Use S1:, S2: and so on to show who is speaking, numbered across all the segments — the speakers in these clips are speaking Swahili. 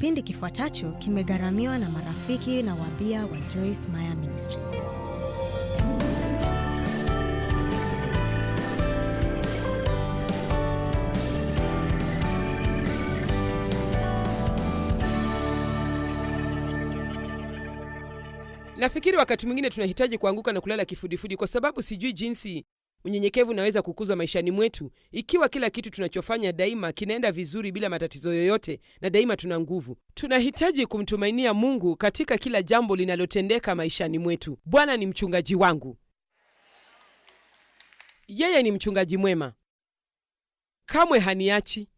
S1: Kipindi kifuatacho kimegharamiwa na marafiki na wabia wa Joyce Meyer Ministries.
S2: Nafikiri wakati mwingine tunahitaji kuanguka na kulala kifudifudi, kwa sababu sijui jinsi Unyenyekevu unaweza kukuzwa maishani mwetu ikiwa kila kitu tunachofanya daima kinaenda vizuri bila matatizo yoyote, na daima tuna nguvu. Tunahitaji kumtumainia Mungu katika kila jambo linalotendeka maishani mwetu. Bwana ni mchungaji wangu, yeye ni mchungaji mwema, kamwe haniachi,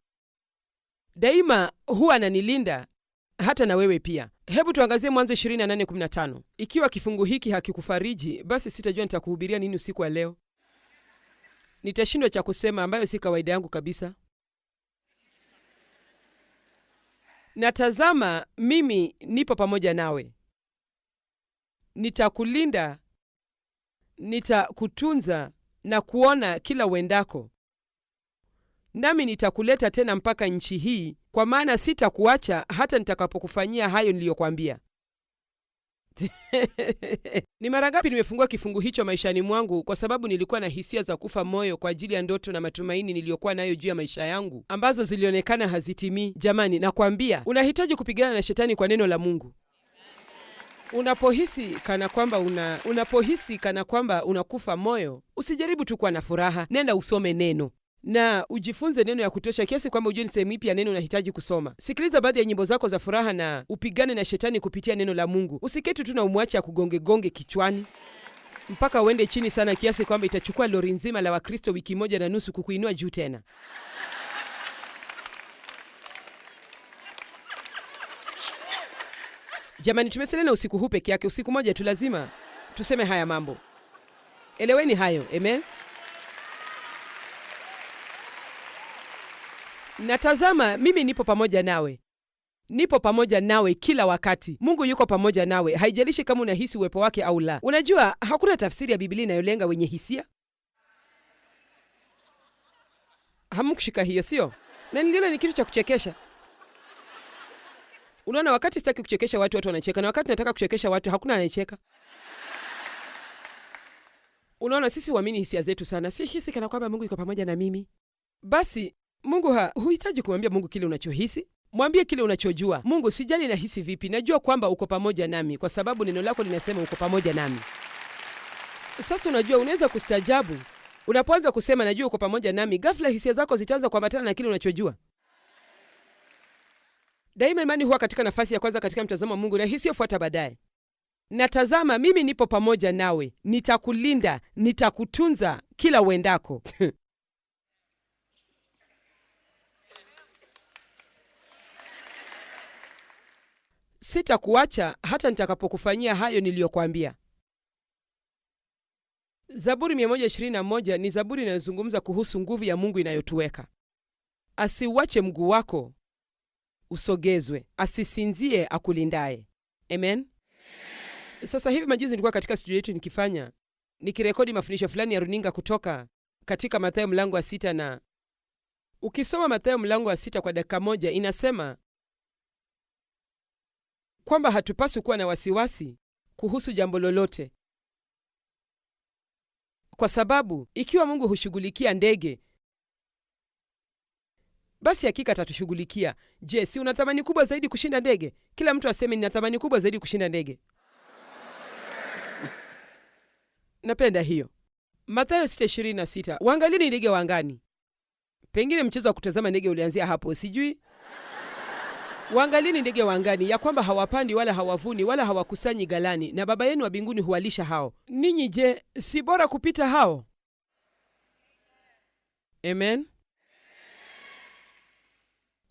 S2: daima huwa ananilinda hata na wewe pia. Hebu tuangazie Mwanzo 28:15. Ikiwa kifungu hiki hakikufariji, basi sitajua nitakuhubiria nini usiku wa leo nitashindwa cha kusema, ambayo si kawaida yangu kabisa. Natazama, mimi nipo pamoja nawe, nitakulinda, nitakutunza na kuona kila uendako, nami nitakuleta tena mpaka nchi hii, kwa maana sitakuacha hata nitakapokufanyia hayo niliyokwambia. Ni mara ngapi nimefungua kifungu hicho maishani mwangu, kwa sababu nilikuwa na hisia za kufa moyo kwa ajili ya ndoto na matumaini niliyokuwa nayo juu ya maisha yangu ambazo zilionekana hazitimii. Jamani, nakwambia unahitaji kupigana na shetani kwa neno la Mungu. Unapohisi kana kwamba una unapohisi kana kwamba unakufa moyo, usijaribu tu kuwa na furaha, nenda usome neno na ujifunze neno ya kutosha kiasi kwamba ujue ni sehemu ipi ya neno unahitaji kusoma. Sikiliza baadhi ya nyimbo zako za furaha na upigane na shetani kupitia neno la Mungu. Usiketi tu na umwache akugongegonge kichwani mpaka uende chini sana kiasi kwamba itachukua lori nzima la Wakristo wiki moja na nusu kukuinua juu tena. Jamani, na usiku huu peke yake. Usiku moja tu lazima tuseme haya mambo. Eleweni hayo, amen. Natazama mimi nipo pamoja nawe, nipo pamoja nawe kila wakati. Mungu yuko pamoja nawe, haijalishi kama unahisi uwepo wake au la. Unajua hakuna tafsiri ya Biblia inayolenga wenye hisia. Hamkushika hiyo, sio? Na niliona ni kitu cha kuchekesha. Unaona, wakati sitaki kuchekesha watu, watu wanacheka, na wakati nataka kuchekesha watu, hakuna anayecheka. Unaona, sisi huamini hisia zetu sana. Si hisi kana kwamba Mungu yuko pamoja na mimi? Basi Mungu huhitaji kumwambia Mungu kile unachohisi. Mwambie kile unachojua. Mungu, sijali nahisi vipi, najua kwamba uko pamoja nami, kwa sababu neno lako linasema uko pamoja nami. Sasa unajua, unaweza kustajabu unapoanza kusema najua uko pamoja nami. Ghafla hisia zako zitaanza kuambatana na kile unachojua. Daima imani huwa katika nafasi ya kwanza katika mtazamo wa Mungu na hisiyofuata baadaye. natazama mimi nipo pamoja nawe, nitakulinda, nitakutunza kila uendako. sitakuacha hata nitakapokufanyia hayo niliyokwambia. Zaburi 121 ni zaburi inayozungumza kuhusu nguvu ya Mungu inayotuweka. Asiuache mguu wako usogezwe, asisinzie akulindaye. Amen. Sasa hivi majuzi nilikuwa katika studio yetu nikifanya nikirekodi mafundisho fulani ya runinga kutoka katika Mathayo mlango wa sita, na ukisoma Mathayo mlango wa sita kwa dakika moja inasema kwamba hatupaswi kuwa na wasiwasi kuhusu jambo lolote, kwa sababu ikiwa Mungu hushughulikia ndege, basi hakika atatushughulikia. Je, si una thamani kubwa zaidi kushinda ndege? Kila mtu aseme, nina thamani kubwa zaidi kushinda ndege. Napenda hiyo. Mathayo 6:26, waangalieni ndege wangani. Pengine mchezo wa kutazama ndege ulianzia hapo, sijui. Waangalieni ndege wa angani, ya kwamba hawapandi wala hawavuni wala hawakusanyi ghalani, na Baba yenu wa mbinguni huwalisha hao. Ninyi je, si bora kupita hao? Amen.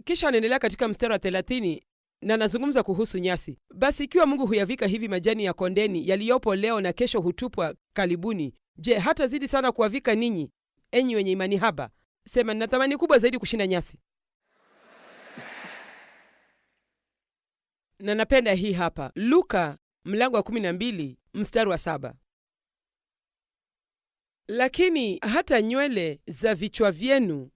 S2: Kisha anaendelea katika mstari wa 30 na anazungumza kuhusu nyasi. Basi ikiwa Mungu huyavika hivi majani ya kondeni yaliyopo leo na kesho hutupwa kalibuni, je, hatazidi sana kuwavika ninyi, enyi wenye imani haba? Sema, nina thamani kubwa zaidi kushinda nyasi. na napenda hii hapa Luka mlango wa 12 mstari wa saba. Lakini hata nywele za vichwa vyenu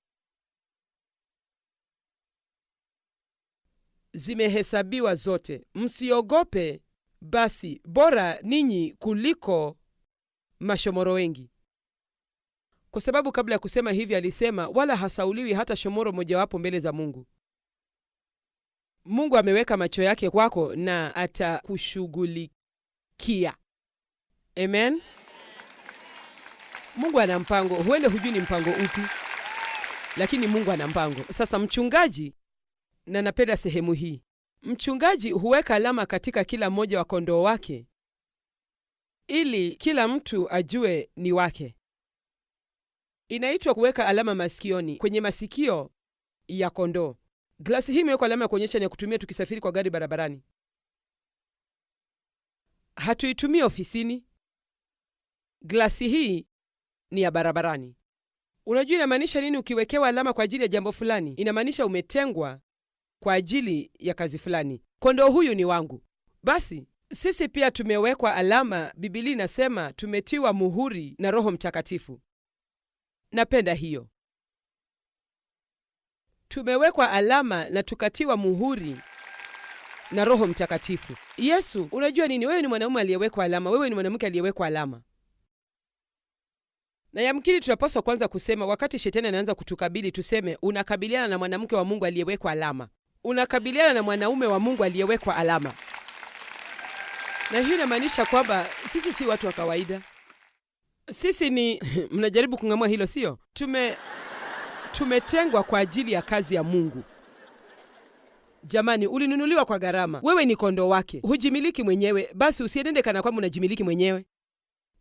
S2: zimehesabiwa zote. Msiogope basi, bora ninyi kuliko mashomoro wengi. Kwa sababu kabla ya kusema hivi alisema, wala hasauliwi hata shomoro mojawapo mbele za Mungu. Mungu ameweka macho yake kwako na atakushughulikia. Amen. Mungu ana mpango, huende hujui ni mpango upi, lakini Mungu ana mpango. Sasa mchungaji, na napenda sehemu hii, mchungaji huweka alama katika kila mmoja wa kondoo wake ili kila mtu ajue ni wake. Inaitwa kuweka alama masikioni, kwenye masikio ya kondoo. Glasi hii imewekwa alama ya kuonyesha ni ya kutumia tukisafiri kwa gari barabarani. Hatuitumii ofisini. Glasi hii ni ya barabarani. Unajua inamaanisha nini? Ukiwekewa alama kwa ajili ya jambo fulani, inamaanisha umetengwa kwa ajili ya kazi fulani. Kondoo huyu ni wangu. Basi sisi pia tumewekwa alama. Biblia inasema tumetiwa muhuri na Roho Mtakatifu. Napenda hiyo tumewekwa alama na tukatiwa muhuri na Roho Mtakatifu. Yesu, unajua nini? Wewe ni mwanaume aliyewekwa alama, wewe ni mwanamke aliyewekwa alama. Na yamkini tunapaswa kwanza kusema, wakati shetani anaanza kutukabili, tuseme unakabiliana na mwanamke wa Mungu aliyewekwa alama, unakabiliana na mwanaume wa Mungu aliyewekwa alama. Na hiyo inamaanisha kwamba sisi si watu wa kawaida, sisi ni mnajaribu kung'amua hilo, sio tume tumetengwa kwa ajili ya kazi ya Mungu. Jamani, ulinunuliwa kwa gharama. Wewe ni kondoo wake, hujimiliki mwenyewe. Basi usienende kana kwamba unajimiliki mwenyewe.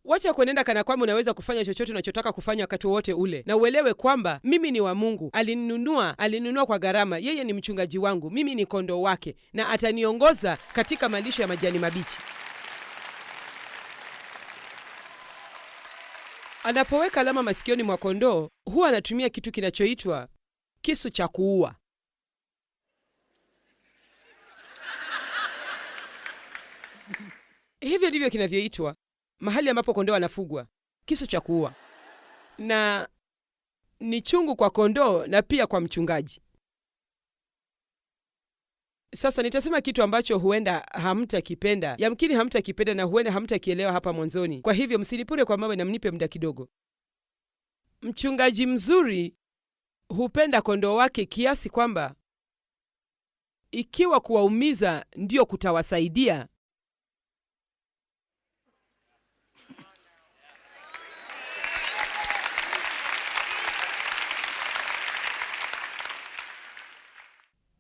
S2: Wacha kuenenda kana kwamba unaweza kufanya chochote unachotaka kufanya wakati wowote ule, na uelewe kwamba mimi ni wa Mungu. Alinunua, alinunua kwa gharama. Yeye ni mchungaji wangu, mimi ni kondoo wake, na ataniongoza katika malisho ya majani mabichi. Anapoweka alama masikioni mwa kondoo huwa anatumia kitu kinachoitwa kisu cha kuua. Hivyo ndivyo kinavyoitwa mahali ambapo kondoo anafugwa, kisu cha kuua, na ni chungu kwa kondoo na pia kwa mchungaji. Sasa nitasema kitu ambacho huenda hamtakipenda, yamkini hamtakipenda na huenda hamtakielewa hapa mwanzoni. Kwa hivyo msinipure kwa mawe na mnipe muda kidogo. Mchungaji mzuri hupenda kondoo wake kiasi kwamba ikiwa kuwaumiza ndiyo kutawasaidia,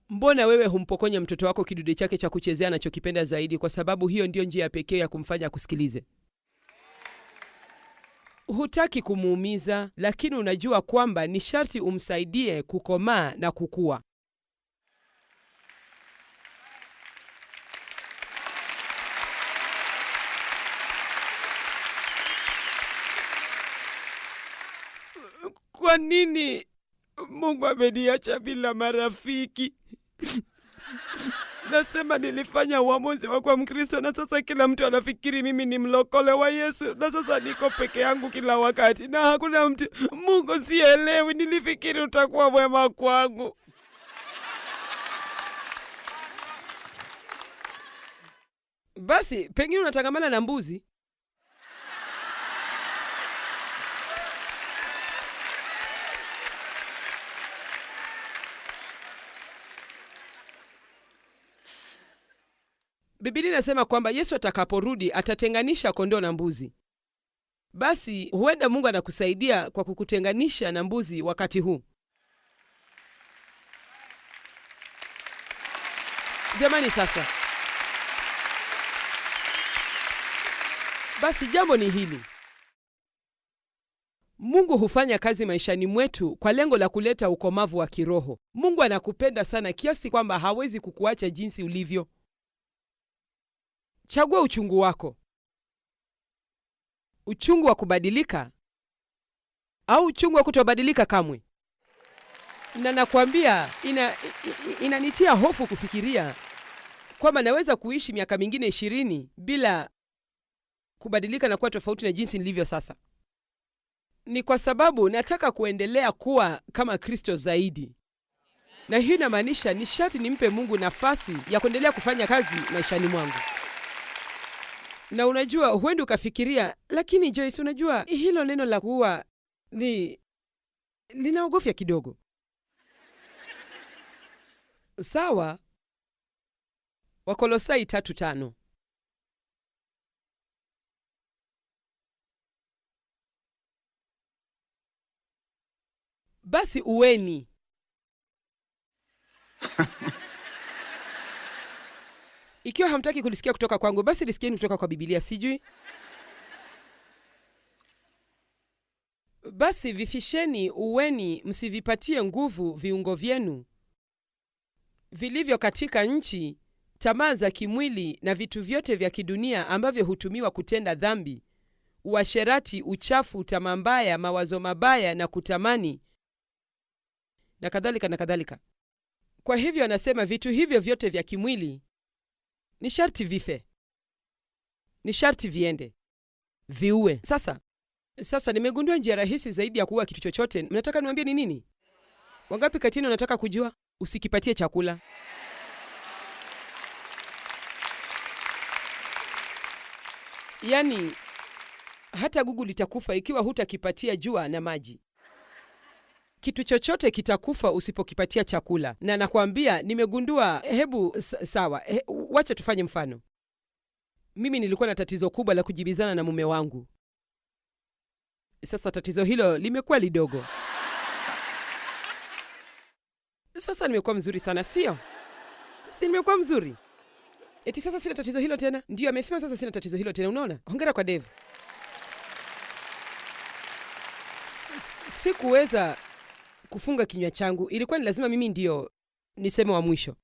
S2: Mbona wewe humpokonya mtoto wako kidude chake cha kuchezea anachokipenda zaidi, kwa sababu hiyo ndiyo njia pekee ya kumfanya akusikilize. Hutaki kumuumiza, lakini unajua kwamba ni sharti umsaidie kukomaa na kukua. Kwa nini Mungu ameniacha bila marafiki. Nasema nilifanya uamuzi wa kuwa Mkristo na sasa kila mtu anafikiri mimi ni mlokole wa Yesu, na sasa niko peke yangu kila wakati na hakuna mtu. Mungu, sielewi. Nilifikiri utakuwa mwema kwangu. Basi pengine unatangamana na mbuzi. Biblia inasema kwamba Yesu atakaporudi atatenganisha kondoo na mbuzi. Basi huenda Mungu anakusaidia kwa kukutenganisha na mbuzi wakati huu. Jamani, sasa basi, jambo ni hili: Mungu hufanya kazi maishani mwetu kwa lengo la kuleta ukomavu wa kiroho. Mungu anakupenda sana kiasi kwamba hawezi kukuacha jinsi ulivyo. Chagua uchungu wako, uchungu wa kubadilika au uchungu wa kutobadilika kamwe. Na nakwambia ina, inanitia hofu kufikiria kwamba naweza kuishi miaka mingine ishirini bila kubadilika na kuwa tofauti na jinsi nilivyo sasa. Ni kwa sababu nataka kuendelea kuwa kama Kristo zaidi, na hiyo inamaanisha ni sharti nimpe Mungu nafasi ya kuendelea kufanya kazi maishani mwangu na unajua, huendi ukafikiria, lakini Joyce, unajua hilo neno la kuua ni linaogofya kidogo. Sawa, Wakolosai tatu tano. Basi uweni Ikiwa hamtaki kulisikia kutoka kwangu, basi lisikieni kutoka kwa bibilia Sijui basi, vifisheni uweni, msivipatie nguvu viungo vyenu vilivyo katika nchi, tamaa za kimwili na vitu vyote vya kidunia ambavyo hutumiwa kutenda dhambi, uasherati, uchafu, tamaa mbaya, mawazo mabaya na kutamani na kadhalika na kadhalika. Kwa hivyo anasema vitu hivyo vyote vya kimwili ni sharti vife, ni sharti viende, viue. Sasa sasa nimegundua njia rahisi zaidi ya kuua kitu chochote. Mnataka niwambie ni nini? Wangapi kati yenu wanataka kujua? Usikipatie chakula. yani hata gugu litakufa ikiwa hutakipatia jua na maji kitu chochote kitakufa usipokipatia chakula. Na nakwambia nimegundua, hebu sawa, he, wacha tufanye mfano. Mimi nilikuwa na tatizo kubwa la kujibizana na mume wangu. Sasa tatizo hilo limekuwa lidogo, sasa nimekuwa mzuri sana, sio? Si nimekuwa mzuri? Eti sasa sina tatizo hilo tena? Ndio amesema sasa sina tatizo hilo tena. Unaona, hongera kwa Dave. Sikuweza kufunga kinywa changu ilikuwa ni lazima mimi ndio niseme wa mwisho.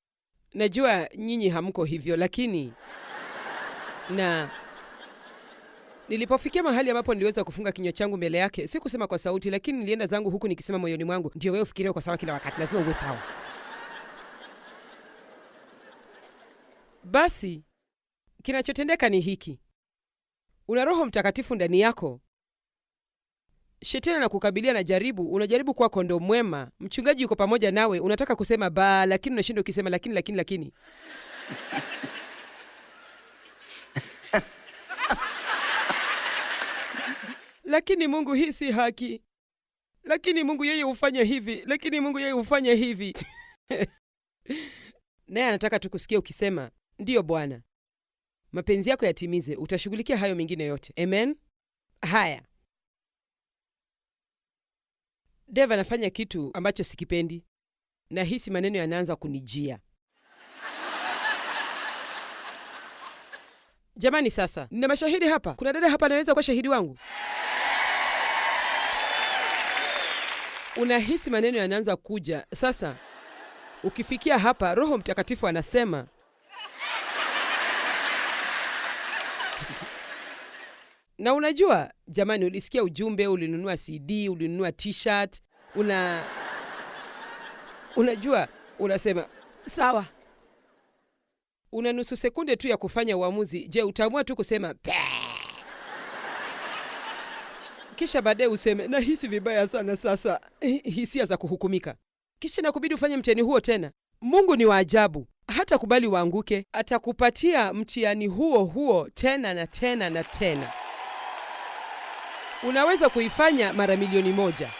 S2: Najua nyinyi hamko hivyo, lakini na nilipofikia mahali ambapo niliweza kufunga kinywa changu mbele yake, si kusema kwa sauti, lakini nilienda zangu huku nikisema moyoni mwangu, ndio wewe ufikirie kwa sawa kila wakati, lazima uwe sawa. Basi kinachotendeka ni hiki: una Roho Mtakatifu ndani yako Shetani anakukabilia na jaribu, unajaribu kuwa kondo mwema, mchungaji yuko pamoja nawe, unataka kusema ba, lakini unashindwa ukisema lakini lakini lakini lakini Mungu, hii si haki, lakini Mungu yeye hufanya hivi, lakini Mungu yeye hufanya hivi naye anataka tu kusikia ukisema ndiyo Bwana, mapenzi yako yatimize, utashughulikia hayo mengine yote. Amen. Haya, deva anafanya kitu ambacho sikipendi, na hisi maneno yanaanza kunijia. Jamani, sasa nina mashahidi hapa. Kuna dada hapa anaweza kuwa shahidi wangu. Unahisi maneno yanaanza kuja sasa. Ukifikia hapa, Roho Mtakatifu anasema Na unajua jamani, ulisikia ujumbe, ulinunua CD, ulinunua t-shirt, una unajua, unasema sawa, una nusu sekunde tu ya kufanya uamuzi. Je, utaamua tu kusema kisha baadaye useme nahisi vibaya sana sasa, hisia za kuhukumika, kisha nakubidi ufanye mtihani huo tena. Mungu ni wa ajabu, hata kubali waanguke, atakupatia mtihani huo huo tena na tena na tena unaweza kuifanya mara milioni moja.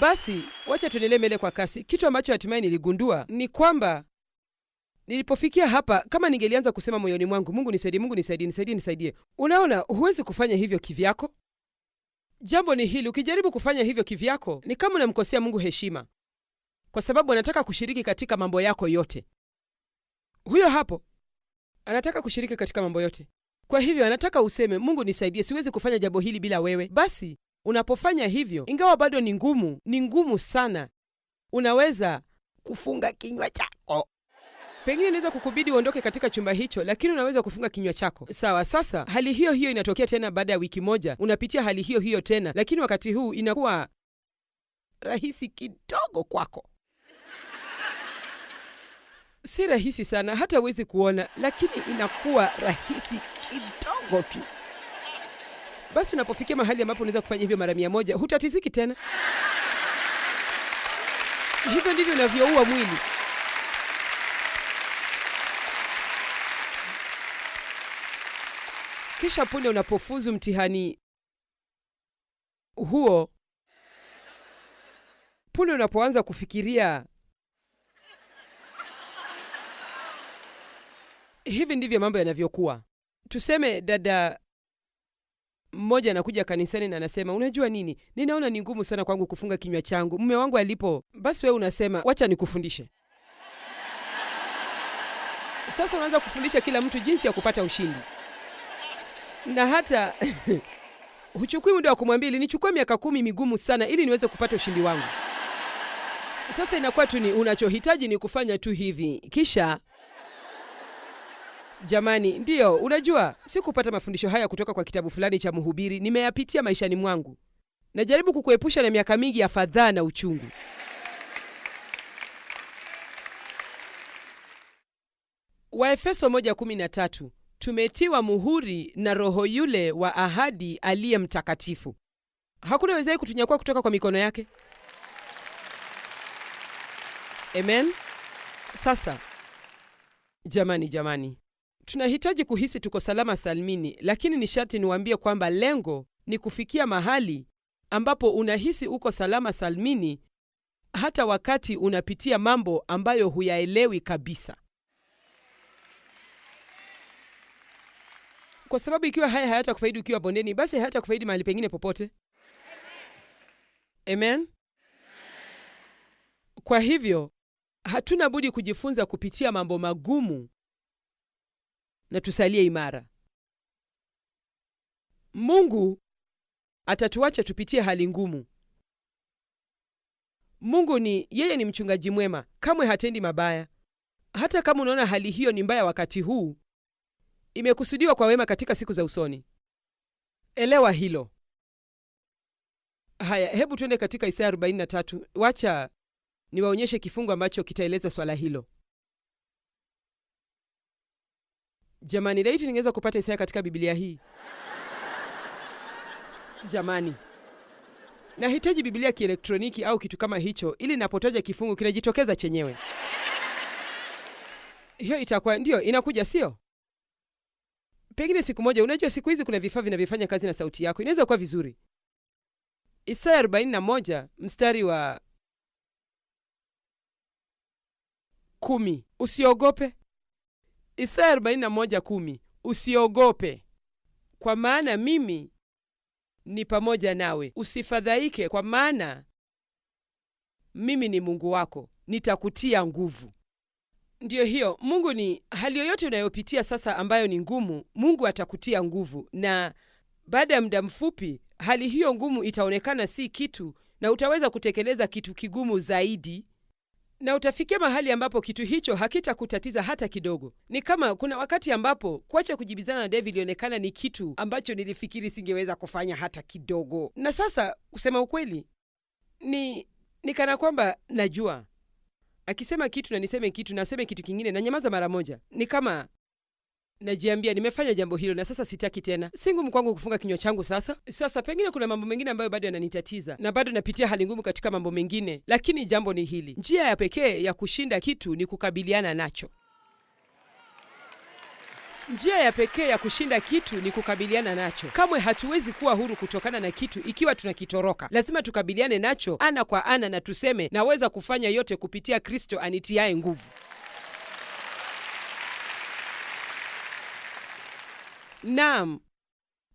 S2: Basi wacha tuendelee mbele kwa kasi. Kitu ambacho hatimaye niligundua ni kwamba nilipofikia hapa, kama ningelianza kusema moyoni mwangu, Mungu nisaidie, Mungu nisaidie, nisaidie, nisaidie, unaona, huwezi kufanya hivyo kivyako. Jambo ni hili, ukijaribu kufanya hivyo kivyako, ni kama unamkosea Mungu heshima, kwa sababu anataka kushiriki katika mambo yako yote. Huyo hapo anataka kushiriki katika mambo yote. Kwa hivyo anataka useme, Mungu nisaidie, siwezi kufanya jambo hili bila wewe. Basi unapofanya hivyo, ingawa bado ni ngumu, ni ngumu sana, unaweza kufunga kinywa chako. Pengine inaweza kukubidi uondoke katika chumba hicho, lakini unaweza kufunga kinywa chako. Sawa. Sasa hali hiyo hiyo inatokea tena, baada ya wiki moja unapitia hali hiyo hiyo tena, lakini wakati huu inakuwa rahisi kidogo kwako si rahisi sana, hata huwezi kuona, lakini inakuwa rahisi kidogo tu. Basi unapofikia mahali ambapo unaweza kufanya hivyo mara mia moja, hutatiziki tena. Hivyo ndivyo inavyoua mwili. Kisha punde unapofuzu mtihani huo, punde unapoanza kufikiria hivi ndivyo mambo yanavyokuwa. Tuseme dada mmoja anakuja kanisani na anasema, unajua nini, ninaona ni ngumu sana kwangu kufunga kinywa changu, mume wangu alipo. Basi wee unasema wacha nikufundishe. Sasa unaanza kufundisha kila mtu jinsi ya kupata ushindi, na hata huchukui muda wa kumwambia, nichukue miaka kumi migumu sana ili niweze kupata ushindi wangu. Sasa inakuwa tu ni unachohitaji ni kufanya tu hivi, kisha Jamani, ndiyo, unajua sikupata mafundisho haya kutoka kwa kitabu fulani cha mhubiri. Nimeyapitia maishani mwangu, najaribu kukuepusha na miaka mingi ya fadhaa na uchungu. Waefeso 1:13 tumetiwa muhuri na Roho yule wa ahadi aliye mtakatifu. Hakuna wezaye kutunyakua kutoka kwa mikono yake. Amen. Sasa jamani, jamani, Tunahitaji kuhisi tuko salama salmini, lakini ni sharti niwaambie kwamba lengo ni kufikia mahali ambapo unahisi uko salama salmini hata wakati unapitia mambo ambayo huyaelewi kabisa. Kwa sababu ikiwa haya hayatakufaidi ukiwa bondeni, basi hayatakufaidi mahali pengine popote. Amen. Kwa hivyo hatuna budi kujifunza kupitia mambo magumu na tusalie imara. Mungu atatuacha tupitie hali ngumu. Mungu ni yeye, ni mchungaji mwema, kamwe hatendi mabaya. Hata kama unaona hali hiyo ni mbaya wakati huu, imekusudiwa kwa wema katika siku za usoni. Elewa hilo. Haya, hebu tuende katika Isaya 43. Wacha niwaonyeshe kifungu ambacho kitaeleza swala hilo. Jamani, laiti ningeweza kupata Isaya katika Biblia hii. Jamani, nahitaji Biblia kielektroniki au kitu kama hicho, ili napotaja kifungu kinajitokeza chenyewe. Hiyo itakuwa ndiyo inakuja, sio? Pengine siku moja. Unajua, siku hizi kuna vifaa vinavyofanya kazi na sauti yako, inaweza kuwa vizuri. Isaya 41 mstari wa 1 Usiogope Isaya 41:10, usiogope kwa maana mimi ni pamoja nawe, usifadhaike kwa maana mimi ni Mungu wako, nitakutia nguvu. Ndiyo hiyo, Mungu ni hali yoyote unayopitia sasa ambayo ni ngumu, Mungu atakutia nguvu, na baada ya muda mfupi hali hiyo ngumu itaonekana si kitu, na utaweza kutekeleza kitu kigumu zaidi na utafikia mahali ambapo kitu hicho hakitakutatiza hata kidogo. Ni kama kuna wakati ambapo kuacha kujibizana na Dave ilionekana ni kitu ambacho nilifikiri singeweza kufanya hata kidogo, na sasa kusema ukweli ni ni kana kwamba najua akisema kitu na niseme kitu na aseme kitu kingine na nyamaza mara moja, ni kama najiambia nimefanya jambo hilo na sasa sitaki tena. Si ngumu kwangu kufunga kinywa changu sasa. Sasa pengine kuna mambo mengine ambayo bado yananitatiza na bado napitia hali ngumu katika mambo mengine, lakini jambo ni hili: njia ya pekee ya kushinda kitu ni kukabiliana nacho. Njia ya pekee ya kushinda kitu ni kukabiliana nacho. Kamwe hatuwezi kuwa huru kutokana na kitu ikiwa tunakitoroka. Lazima tukabiliane nacho ana kwa ana, na tuseme, naweza kufanya yote kupitia Kristo anitiaye nguvu. Naam,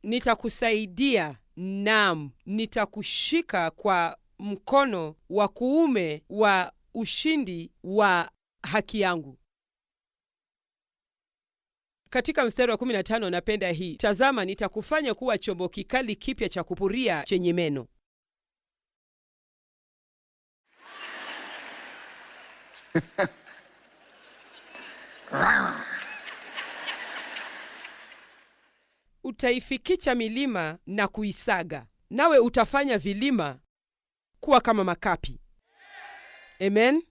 S2: nitakusaidia. Naam, nitakushika kwa mkono wa kuume wa ushindi wa haki yangu. Katika mstari wa 15 napenda hii: tazama, nitakufanya kuwa chombo kikali kipya cha kupuria chenye meno. utaifikicha milima na kuisaga, nawe utafanya vilima kuwa kama makapi. Amen.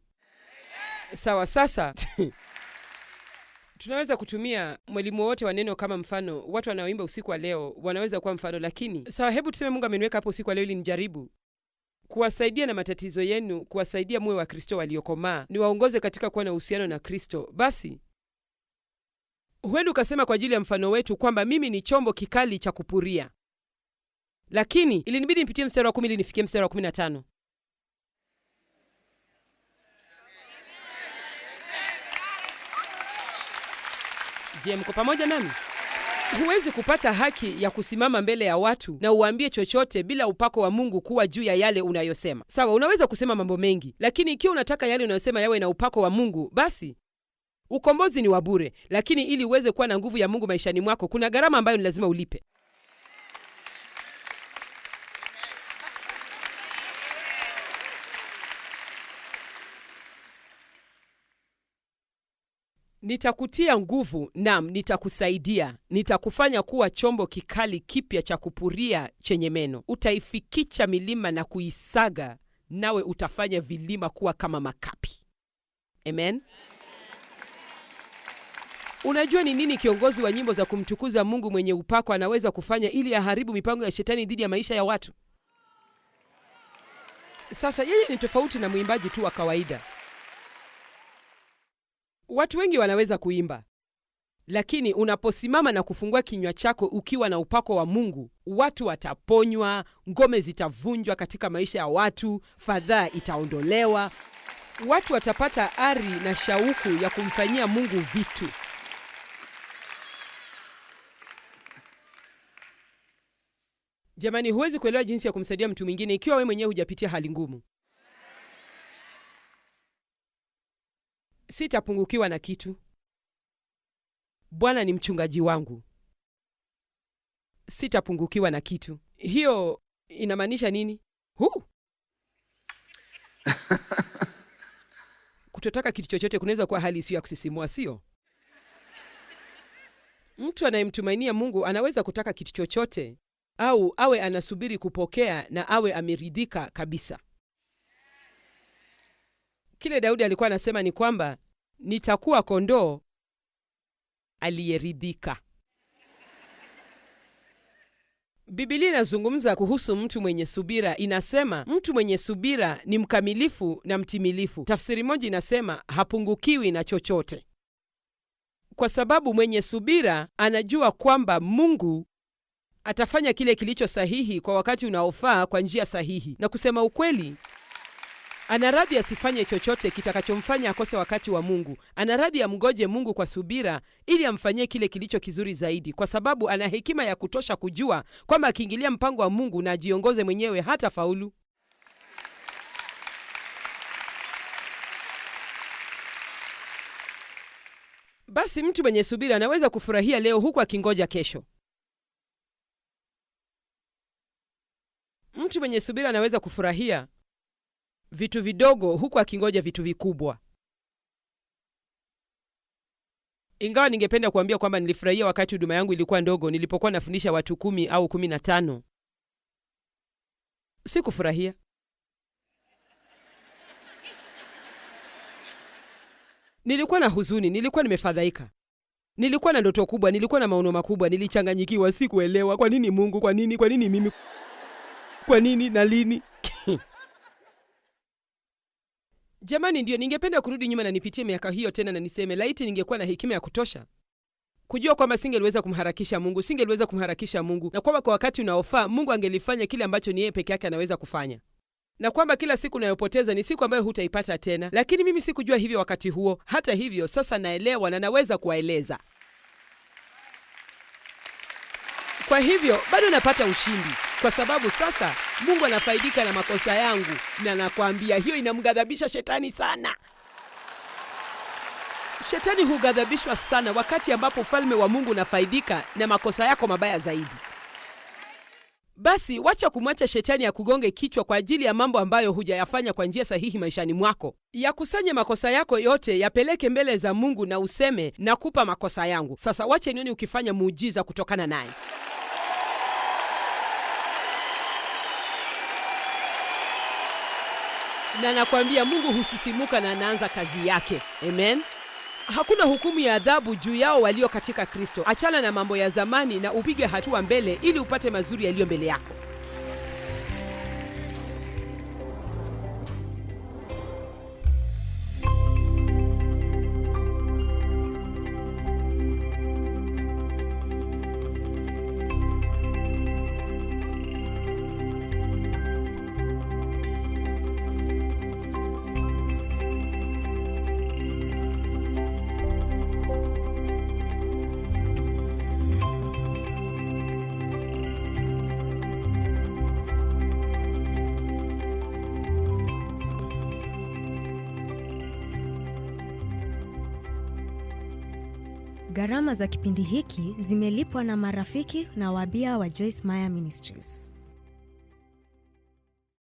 S2: Sawa. Sasa tunaweza kutumia mwalimu wowote wa neno kama mfano. Watu wanaoimba usiku wa leo wanaweza kuwa mfano, lakini sawa, hebu tuseme Mungu ameniweka hapo usiku wa leo ili nijaribu kuwasaidia na matatizo yenu, kuwasaidia muwe Wakristo waliokomaa, niwaongoze katika kuwa na uhusiano na Kristo. Basi Huenda ukasema kwa ajili ya mfano wetu kwamba mimi ni chombo kikali cha kupuria, lakini ilinibidi nipitie mstari wa kumi ili nifikie mstari wa kumi na tano. Je, mko pamoja nami? Huwezi kupata haki ya kusimama mbele ya watu na uwaambie chochote bila upako wa Mungu kuwa juu ya yale unayosema. Sawa, unaweza kusema mambo mengi, lakini ikiwa unataka yale unayosema yawe na upako wa Mungu, basi Ukombozi ni wa bure, lakini ili uweze kuwa na nguvu ya Mungu maishani mwako kuna gharama ambayo ni lazima ulipe. Nitakutia nguvu, nam, nitakusaidia, nitakufanya kuwa chombo kikali kipya cha kupuria chenye meno. Utaifikicha milima na kuisaga, nawe utafanya vilima kuwa kama makapi. Amen. Unajua ni nini kiongozi wa nyimbo za kumtukuza Mungu mwenye upako anaweza kufanya ili aharibu mipango ya shetani dhidi ya maisha ya watu? Sasa yeye ni tofauti na mwimbaji tu wa kawaida. Watu wengi wanaweza kuimba, lakini unaposimama na kufungua kinywa chako ukiwa na upako wa Mungu, watu wataponywa, ngome zitavunjwa katika maisha ya watu, fadhaa itaondolewa, watu watapata ari na shauku ya kumfanyia Mungu vitu. Jamani, huwezi kuelewa jinsi ya kumsaidia mtu mwingine ikiwa wewe mwenyewe hujapitia hali ngumu. Sitapungukiwa na kitu. Bwana ni mchungaji wangu, sitapungukiwa na kitu. Hiyo inamaanisha nini? Huu kutotaka kitu chochote kunaweza kuwa hali isiyo ya kusisimua, sio? Mtu anayemtumainia Mungu anaweza kutaka kitu chochote au awe anasubiri kupokea na awe ameridhika kabisa. Kile Daudi alikuwa anasema ni kwamba nitakuwa kondoo aliyeridhika. Biblia inazungumza kuhusu mtu mwenye subira. Inasema mtu mwenye subira ni mkamilifu na mtimilifu. Tafsiri moja inasema hapungukiwi na chochote, kwa sababu mwenye subira anajua kwamba Mungu atafanya kile kilicho sahihi kwa wakati unaofaa kwa njia sahihi. Na kusema ukweli, ana radhi asifanye chochote kitakachomfanya akose wakati wa Mungu. Ana radhi amgoje Mungu kwa subira, ili amfanyie kile kilicho kizuri zaidi, kwa sababu ana hekima ya kutosha kujua kwamba akiingilia mpango wa Mungu na ajiongoze mwenyewe hata faulu. Basi mtu mwenye subira anaweza kufurahia leo huku akingoja kesho. Mtu mwenye subira anaweza kufurahia vitu vidogo huku akingoja vitu vikubwa. Ingawa ningependa kuambia kwamba nilifurahia wakati huduma yangu ilikuwa ndogo, nilipokuwa nafundisha watu kumi au kumi na tano, sikufurahia. Nilikuwa na huzuni, nilikuwa nimefadhaika, nilikuwa na ndoto kubwa, nilikuwa na maono makubwa, nilichanganyikiwa, sikuelewa. Kwa nini Mungu? Kwa nini? Kwa nini mimi? kwa nini na lini? Jamani, ndiyo ningependa kurudi nyuma na nipitie miaka hiyo tena na niseme, laiti ningekuwa na hekima ya kutosha kujua kwamba singeliweza kumharakisha Mungu, singeliweza kumharakisha Mungu, na kwamba kwa wakati unaofaa Mungu angelifanya kile ambacho ni yeye peke yake anaweza kufanya, na kwamba kila siku unayopoteza ni siku ambayo hutaipata tena. Lakini mimi sikujua hivyo wakati huo. Hata hivyo, sasa naelewa na naweza kuwaeleza. Kwa hivyo bado napata ushindi kwa sababu sasa Mungu anafaidika na makosa yangu, na nakwambia hiyo inamghadhabisha shetani sana. Shetani hughadhabishwa sana wakati ambapo ufalme wa Mungu unafaidika na makosa yako mabaya zaidi. Basi wacha kumwacha shetani akugonge kichwa kwa ajili ya mambo ambayo hujayafanya kwa njia sahihi maishani mwako. Yakusanye makosa yako yote, yapeleke mbele za Mungu na useme, nakupa makosa yangu. Sasa wache nioni ukifanya muujiza kutokana naye. na nakwambia Mungu husisimuka na anaanza kazi yake. Amen. Hakuna hukumu ya adhabu juu yao walio katika Kristo. Achana na mambo ya zamani na upige hatua mbele ili upate mazuri yaliyo mbele yako. Gharama za kipindi hiki zimelipwa na marafiki na wabia wa Joyce Meyer Ministries.